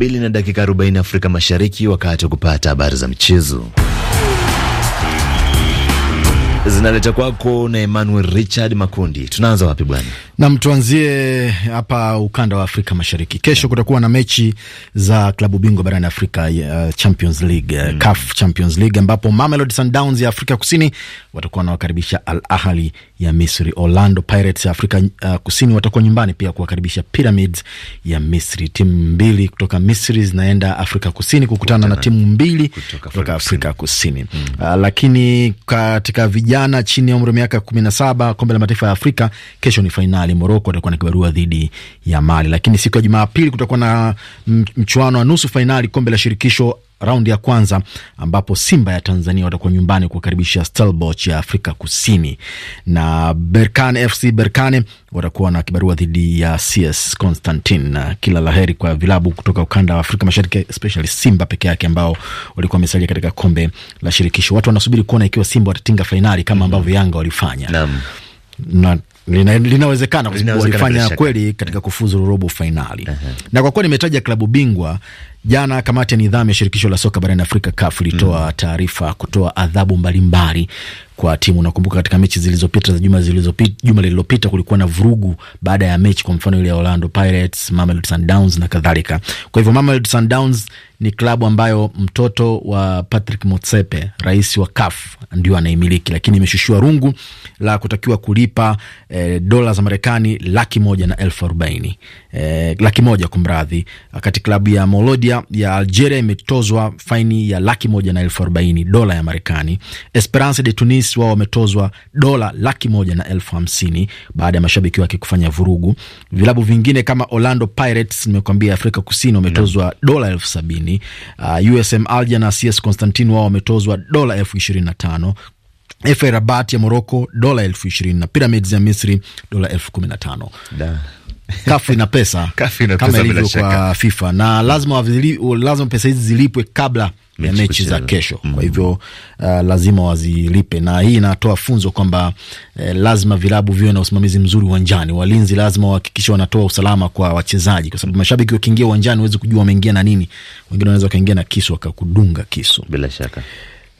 mbili na dakika 40 Afrika Mashariki, wakati wa kupata habari za michezo zinaleta kwako na Emmanuel Richard Makundi. Tunaanza wapi bwana? Nam, tuanzie hapa ukanda wa Afrika Mashariki. Kesho kutakuwa na mechi za klabu bingwa barani Afrika, uh, Champions League, uh, mm. CAF Champions League ambapo Mamelodi Sundowns ya Afrika Kusini watakuwa wanawakaribisha Al Ahli ya Misri. Orlando Pirates ya Afrika uh, Kusini watakuwa nyumbani pia kuwakaribisha Pyramids ya Misri. Timu mbili kutoka Misri zinaenda Afrika Kusini kukutana Kutana na timu mbili kutoka, kutoka Afrika Kusini, Kusini. Mm. Uh, lakini katika vijana chini ya umri wa miaka kumi na saba kombe la mataifa ya Afrika kesho ni fainali Mali. Moroko atakuwa na kibarua dhidi ya Mali, lakini siku ya Jumapili kutakuwa na mchuano wa nusu fainali kombe la shirikisho raundi ya kwanza ambapo Simba ya Tanzania watakuwa nyumbani kuwakaribisha Stellenbosch ya Afrika Kusini na Berkane FC Berkane watakuwa na kibarua dhidi ya CS Constantine. Na kila laheri kwa vilabu kutoka ukanda wa Afrika Mashariki, especially Simba peke yake ambao walikuwa wamesalia katika kombe la shirikisho. Watu wanasubiri kuona ikiwa Simba watatinga fainali kama mhm. ambavyo Yanga walifanya Naam. na lina, linawezekana kwa walifanya kweli katika kufuzu robo fainali. uh -huh. Na kwa kuwa nimetaja klabu bingwa Jana kamati ya nidhamu ya shirikisho la soka barani Afrika, CAF, ilitoa mm. taarifa kutoa adhabu mbalimbali kwa timu. Nakumbuka katika mechi zilizopita za juma zilizopita, juma lililopita kulikuwa na vurugu baada ya mechi, kwa mfano ile ya Orlando Pirates, Mamelodi Sundowns na kadhalika. Kwa hivyo Mamelodi Sundowns ni klabu ambayo mtoto wa Patrick Motsepe, rais wa CAF, ndio anaimiliki, lakini imeshushiwa rungu la kutakiwa kulipa e, dola za Marekani laki moja na elfu arobaini e, laki moja kumradhi, wakati klabu ya Molodia ya Algeria imetozwa faini ya laki moja na elfu arobaini dola ya Marekani. Esperance de Tunis polisi wao wametozwa dola laki moja na elfu hamsini baada ya mashabiki wake kufanya vurugu. Vilabu vingine kama Orlando Pirates, nimekuambia Afrika Kusini, wametozwa no. dola elfu sabini. Uh, USM Alger na CS Constantine wao wametozwa dola elfu ishirini na tano. FA Rabat ya Moroko dola elfu ishirini na Pyramids ya Misri dola elfu kumi na tano. Kafu ina pesa kama ilivyo kwa FIFA na lazima, lazima pesa hizi zilipwe kabla mechi, mechi za kesho mm. Kwa hivyo uh, lazima wazilipe, na hii inatoa funzo kwamba eh, lazima vilabu viwe na usimamizi mzuri uwanjani. Walinzi lazima wahakikishe wanatoa usalama kwa wachezaji, kwa sababu mashabiki wakiingia uwanjani huwezi kujua wameingia na nini. Wengine wanaweza wakaingia na kisu wakakudunga kisu, bila shaka.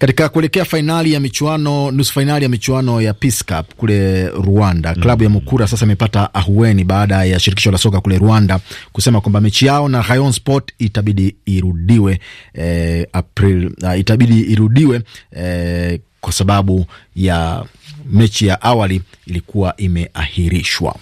Katika kuelekea fainali ya michuano nusu fainali ya michuano ya Peace Cup kule Rwanda, mm. klabu ya Mukura sasa imepata ahueni baada ya shirikisho la soka kule Rwanda kusema kwamba mechi yao na Rayon Sport itabidi irudiwe eh, April, uh, itabidi irudiwe eh, kwa sababu ya mechi ya awali ilikuwa imeahirishwa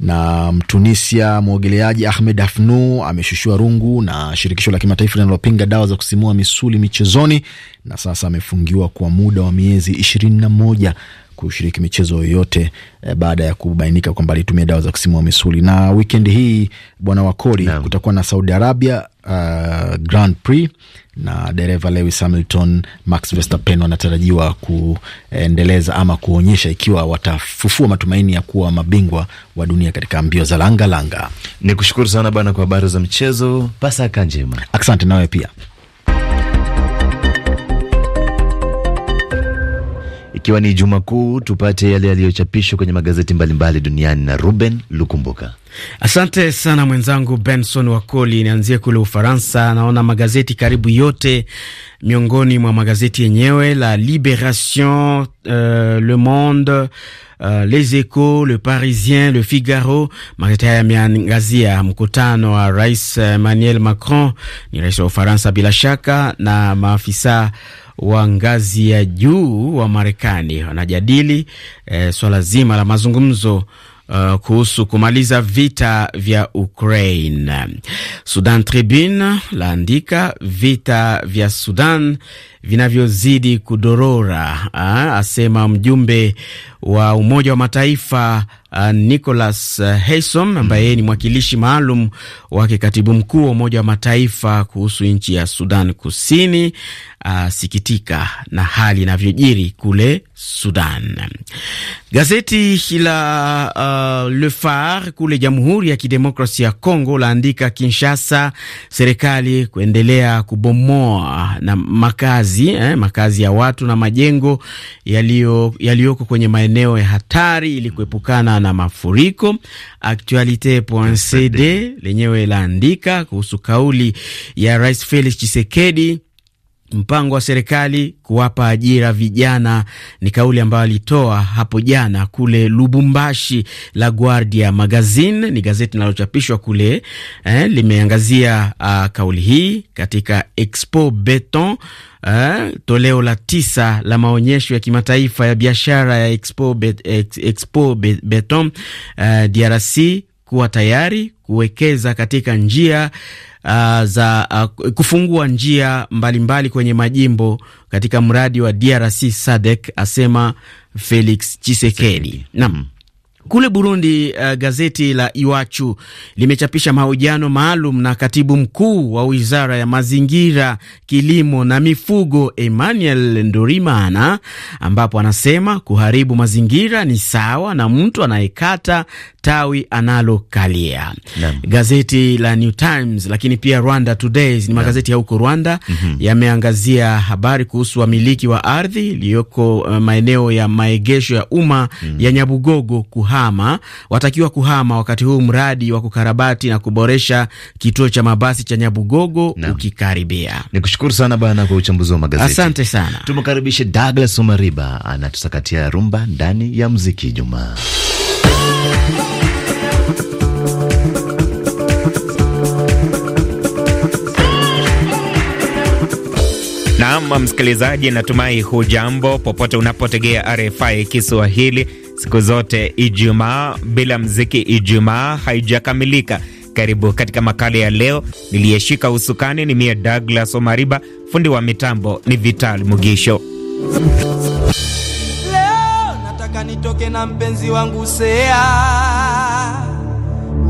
na Mtunisia mwogeleaji Ahmed Afnu ameshushiwa rungu na shirikisho la kimataifa linalopinga dawa za kusimua misuli michezoni, na sasa amefungiwa kwa muda wa miezi ishirini na moja kushiriki michezo yoyote eh, baada ya kubainika kwamba alitumia dawa za kusimua misuli. Na wikendi hii bwana Wakori, kutakuwa na Saudi Arabia uh, Grand Prix na dereva Lewis Hamilton, Max Verstappen wanatarajiwa kuendeleza ama kuonyesha ikiwa watafufua matumaini ya kuwa mabingwa wa dunia katika mbio za langa langa. Ni kushukuru sana bana kwa habari za mchezo Pasaka njema, asante nawe pia. ikiwa ni Juma Kuu, tupate yale yaliyochapishwa kwenye magazeti mbalimbali mbali duniani na Ruben Lukumbuka. Asante sana mwenzangu Benson Wakoli. Nianzie kule Ufaransa, naona magazeti karibu yote, miongoni mwa magazeti yenyewe la Liberation, uh, Le Monde Uh, Les Echos, Le Parisien, Le Figaro. Magazeti haya yameangazia mkutano wa Rais Emmanuel Macron, ni rais wa Ufaransa bila shaka, na maafisa wa ngazi ya juu wa Marekani wanajadili e, swala zima la mazungumzo Uh, kuhusu kumaliza vita vya Ukraine. Sudan Tribune laandika vita vya Sudan vinavyozidi kudorora, ah, asema mjumbe wa Umoja wa Mataifa Uh, Nicholas ah, Haysom ambaye yeye ni mwakilishi maalum wa katibu mkuu wa Umoja wa Mataifa kuhusu nchi ya Sudan Kusini asikitika na hali inavyojiri kule Sudan. Gazeti la uh, Le Phare kule Jamhuri ya Kidemokrasia ya Kongo laandika Kinshasa, serikali kuendelea kubomoa na makazi makazi eh, makazi ya watu na majengo yaliyoko kwenye maeneo ya hatari ili kuepukana na mafuriko. Actualite.cd lenyewe laandika kuhusu kauli ya Rais Felix Tshisekedi mpango wa serikali kuwapa ajira vijana ni kauli ambayo alitoa hapo jana kule Lubumbashi. La Guardia Magazine ni gazeti linalochapishwa kule eh, limeangazia uh, kauli hii katika Expo Beton Uh, toleo la tisa la maonyesho ya kimataifa ya biashara ya Expo, Bet, Ex, Expo Beton uh, eh, DRC kuwa tayari kuwekeza katika njia uh, za uh, kufungua njia mbalimbali mbali kwenye majimbo katika mradi wa DRC SADC, e asema Felix Tshisekedi. Naam. Kule Burundi, uh, gazeti la Iwachu limechapisha mahojiano maalum na katibu mkuu wa wizara ya mazingira, kilimo na mifugo Emmanuel Ndorimana, ambapo anasema kuharibu mazingira ni sawa na mtu anayekata tawi analokalia. Gazeti la New Times lakini pia Rwanda Today ni magazeti ya huko Rwanda mm -hmm. yameangazia habari kuhusu wamiliki wa ardhi iliyoko uh, maeneo ya maegesho ya umma mm -hmm. ya Nyabugogo kuharibu kuhama watakiwa kuhama wakati huu mradi wa kukarabati na kuboresha kituo cha mabasi cha Nyabugogo na ukikaribia. Nikushukuru sana bana kwa uchambuzi wa magazeti. Asante sana. Tumkaribishe Douglas Omariba anatusakatia rumba ndani ya muziki Jumaa. Naam msikilizaji, natumai hujambo popote unapotegea RFI Kiswahili. Siku zote Ijumaa bila mziki, Ijumaa haijakamilika. Karibu katika makala ya leo. Niliyeshika usukani ni mie Douglas Omariba, fundi wa mitambo ni Vital Mugisho. Leo nataka nitoke na mpenzi wangu Sea,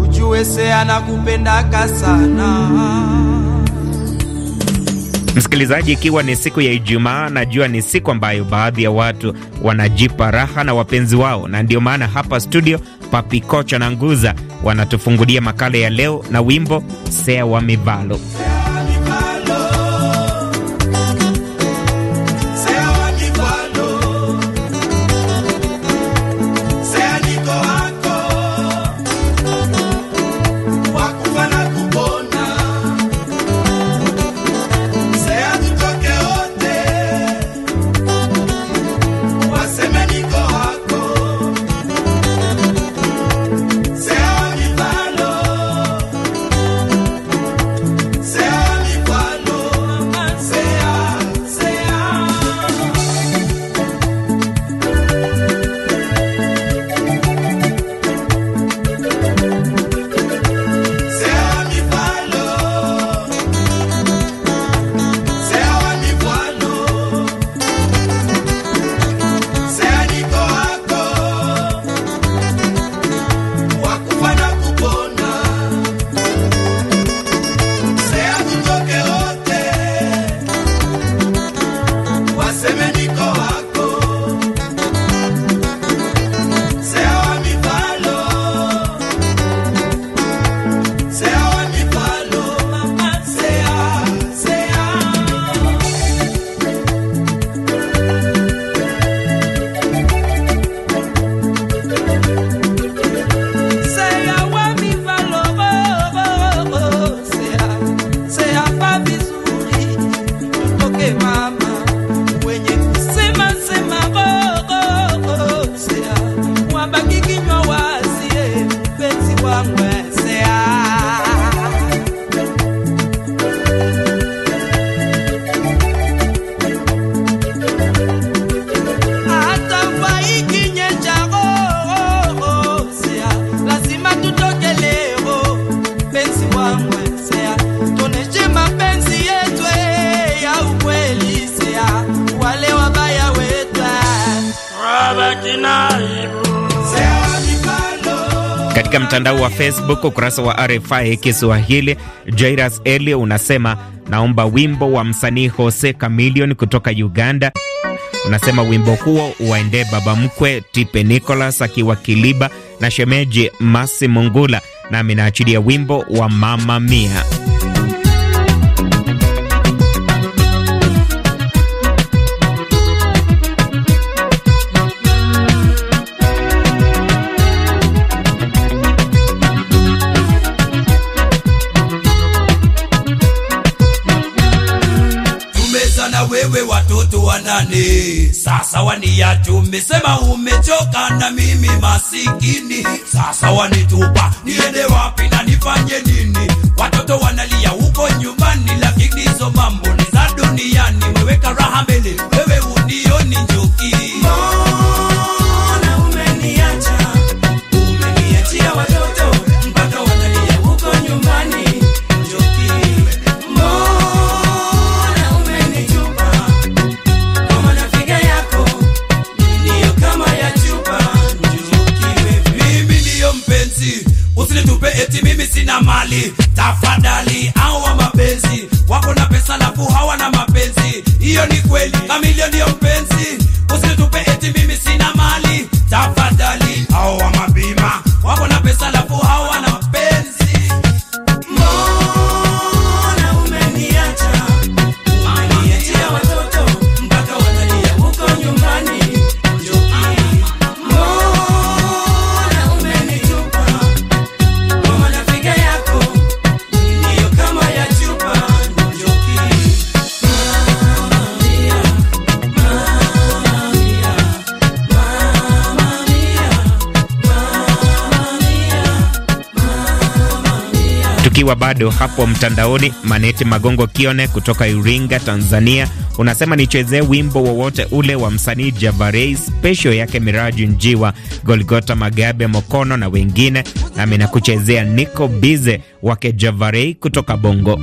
ujue Sea nakupendaka sana Msikilizaji, ikiwa ni siku ya Ijumaa, najua ni siku ambayo baadhi ya watu wanajipa raha na wapenzi wao, na ndio maana hapa studio Papikocha na Nguza wanatufungulia makala ya leo na wimbo wa Mivalo. Katika mtandao wa Facebook ukurasa wa RFI Kiswahili, Jairus Eli unasema naomba wimbo wa msanii Jose Chameleone kutoka Uganda. Unasema wimbo huo uwaendee baba mkwe Tipe Nicholas akiwa Kiliba na shemeji Masi Mungula, nami naachilia wimbo wa Mama Mia. wewe watoto wanane sasa waniacha, umesema umechoka na mimi masikini, sasa wanitupa niende wapi na nifanye nini? Watoto wanalia huko nyumbani, lakini hizo mambo ni za duniani. Weweka raha mbele wewe tafadhali, tafadhali. Hawa mapenzi wako na pesa lafu na mapenzi, hiyo ni kweli. Mamilioni ukiwa bado hapo mtandaoni, Maneti Magongo Kione kutoka Iringa, Tanzania, unasema nichezee wimbo wowote ule wa msanii Javarei, spesho yake Miraji Njiwa, Golgota Magabe Mokono na wengine, nami nakuchezea Niko Bize wake Javarei kutoka Bongo.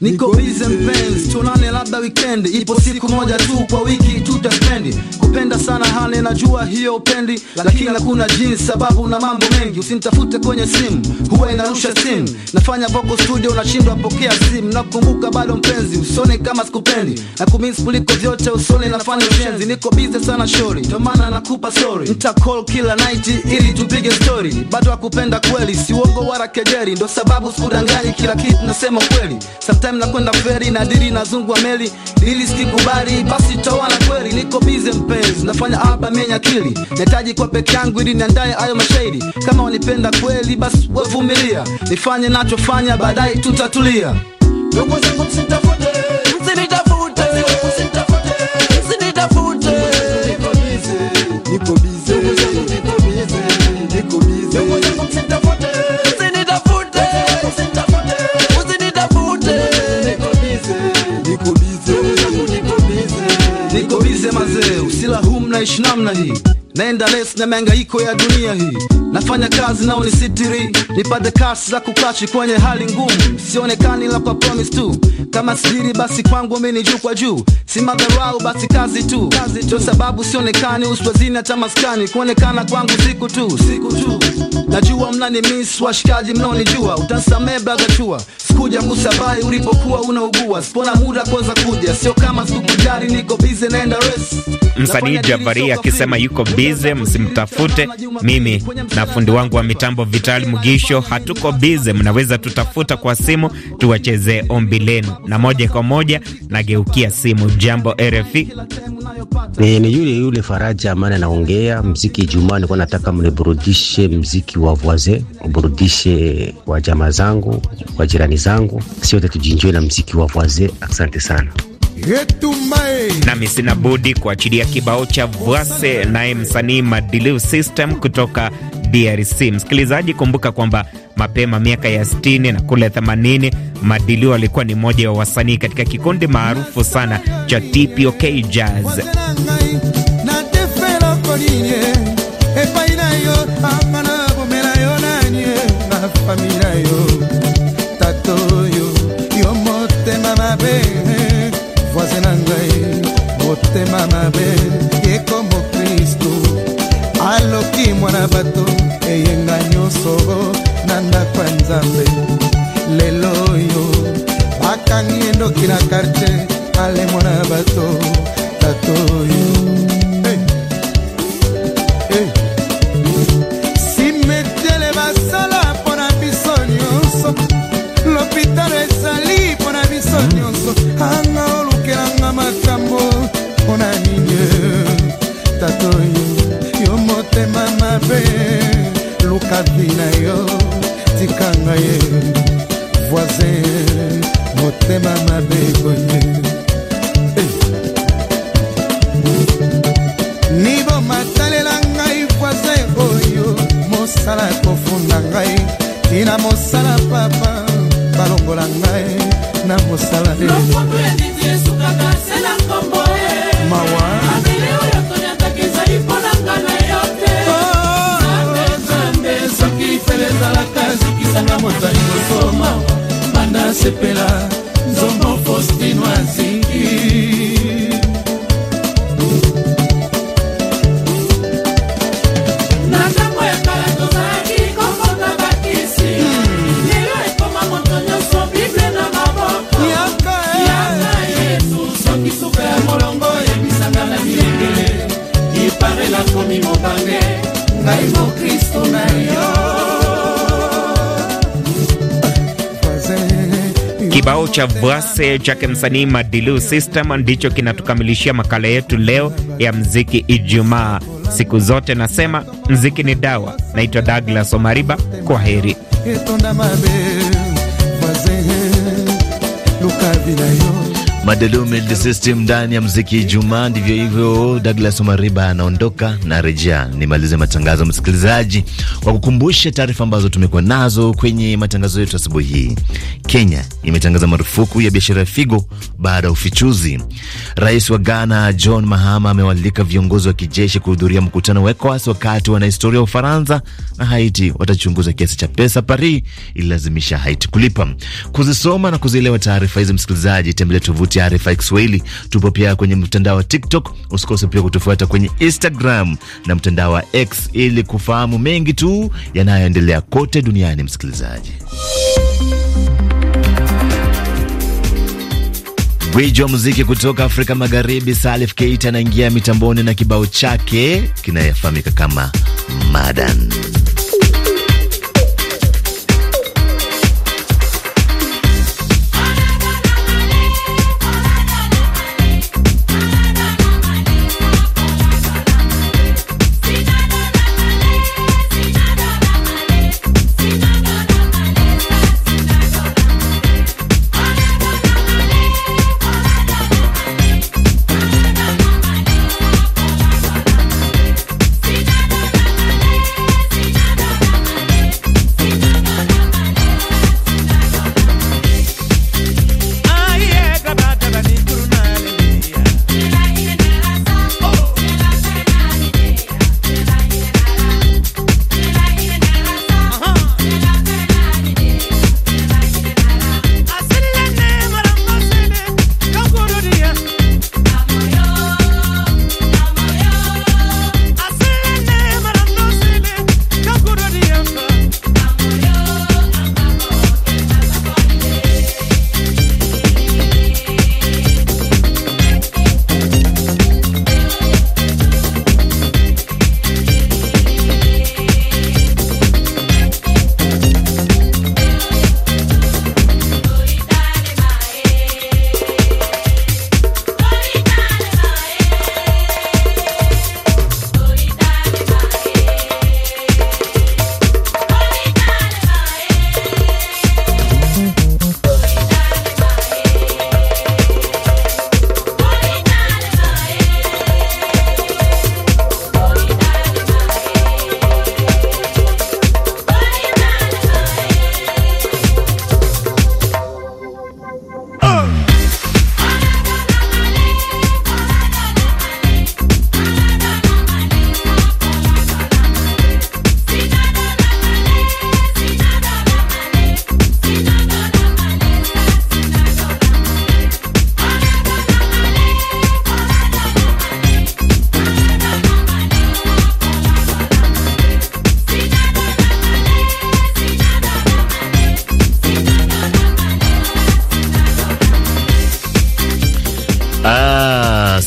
Niko busy mpenzi, tuonane labda weekend, ipo siku moja tu kwa wiki tutapendi Kupenda sana hane, najua hiyo upendi, lakini hakuna jinsi, sababu na mambo mengi. Usinitafute kwenye simu, huwa inarusha simu, nafanya vocal studio, unashindwa pokea simu. Nakumbuka bado mpenzi, usone kama sikupendi, nakumisi kuliko vyote, usone nafanya ushenzi. Niko busy sana shori, ndio maana nakupa sorry, nita call kila night ili tupige story. Bado hakupenda kweli, si uongo wala kejeli, ndo sababu sikudanganyi, kila kitu nasema kweli. Sometimes time la kwenda feri na diri na zungu wa meli dili sikubali basi toa na kweli niko bize mpenzi nafanya aba menya kili nahitaji kwa peke yangu ili niandaye ayo mashairi kama wanipenda kweli basi wavumilia nifanye nachofanya baadaye tutatulia ndugu zangu msitafu naishi namna hii, naenda lesi na miangaiko ya dunia hii, nafanya kazi nao nisitiri, nipate kasi za kukachi kwenye hali ngumu, sionekani la kwa promise tu. Kama siri basi kwangu mimi ni juu kwa juu, si madharau basi kazi tu, ndio sababu sionekani uswazini hata maskani, kuonekana kwangu siku tu, siku tu. Najua mnani miss washikaji mnaonijua, utasamee brother chua sikuja kusabai ulipokuwa unaugua, spona muda kwanza kuja, sio kama sikukujali, niko bize naenda res. Msanii Javari akisema yuko bize, msimtafute. Mimi na fundi wangu wa mitambo Vitali Mugisho hatuko bize, mnaweza tutafuta kwa simu tuwachezee ombi lenu, na moja kwa moja nageukia simu. Jambo RFI. ni yule yule Faraja Amani anaongea. Mziki Ijumaa nilikuwa nataka mniburudishe mziki wa voisin, mburudishe wa jamaa zangu wa jirani zangu, tatu tujinjwe na mziki wa voise. Asante sana. Nami sina budi kuachilia kibao cha voise naye msanii Madilu System kutoka DRC. Msikilizaji, kumbuka kwamba mapema miaka ya 60 na kule 80 Madilu alikuwa ni mmoja wa wasanii katika kikundi maarufu sana cha TPOK Jazz. motema mabe ye komo kristu aloki mwana bato eyenga nyonso na ndako ya nzambe lelo oyo bakangi endoki na kartier ale mwana bato cha Vase chake msanii Madilu System ndicho kinatukamilishia makala yetu leo ya mziki Ijumaa. Siku zote nasema mziki ni dawa. Naitwa Douglas Omariba, kwa heri. Madelume the System ndani ya mziki Ijumaa. Ndivyo hivyo, Douglas Omariba anaondoka na rejea. Nimalize matangazo msikilizaji, kwa kukumbusha taarifa ambazo tumekuwa nazo kwenye matangazo yetu asubuhi hii. Kenya imetangaza marufuku ya biashara ya figo baada ya ufichuzi. Rais wa Ghana John Mahama amewalika viongozi wa kijeshi kuhudhuria mkutano wa ECOWAS, wakati wanahistoria wa Ufaransa na Haiti watachunguza kiasi cha pesa Paris ililazimisha Haiti kulipa. Kuzisoma na kuzielewa taarifa hizi, msikilizaji, tembelea tovuti at RFI Kiswahili. Tupo pia kwenye mtandao wa TikTok, usikose pia kutufuata kwenye Instagram na mtandao wa X ili kufahamu mengi tu yanayoendelea kote duniani. Msikilizaji Gwiji wa muziki kutoka Afrika Magharibi, Salif Keita anaingia mitamboni na kibao chake kinayefahamika kama Madan.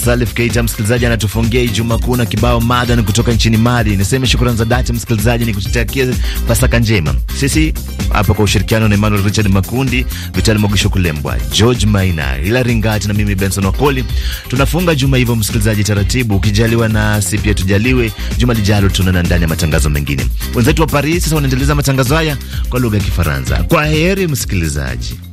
Salif Keita msikilizaji anatufungia Ijumaa kuu na kibao madan kutoka nchini Mali. Niseme shukrani za dhati msikilizaji, ni kutakia Pasaka njema. Sisi hapa kwa ushirikiano na Emmanuel Richard Makundi, Vital Mogisho Kulembwa, George Maina, Ila Ringati na mimi Benson Wakoli tunafunga juma hivyo msikilizaji, taratibu ukijaliwa na si pia tujaliwe, juma lijalo tunana ndani ya matangazo mengine. Wenzetu wa Paris sasa wanaendeleza matangazo haya kwa lugha ya Kifaransa. Kwa heri msikilizaji.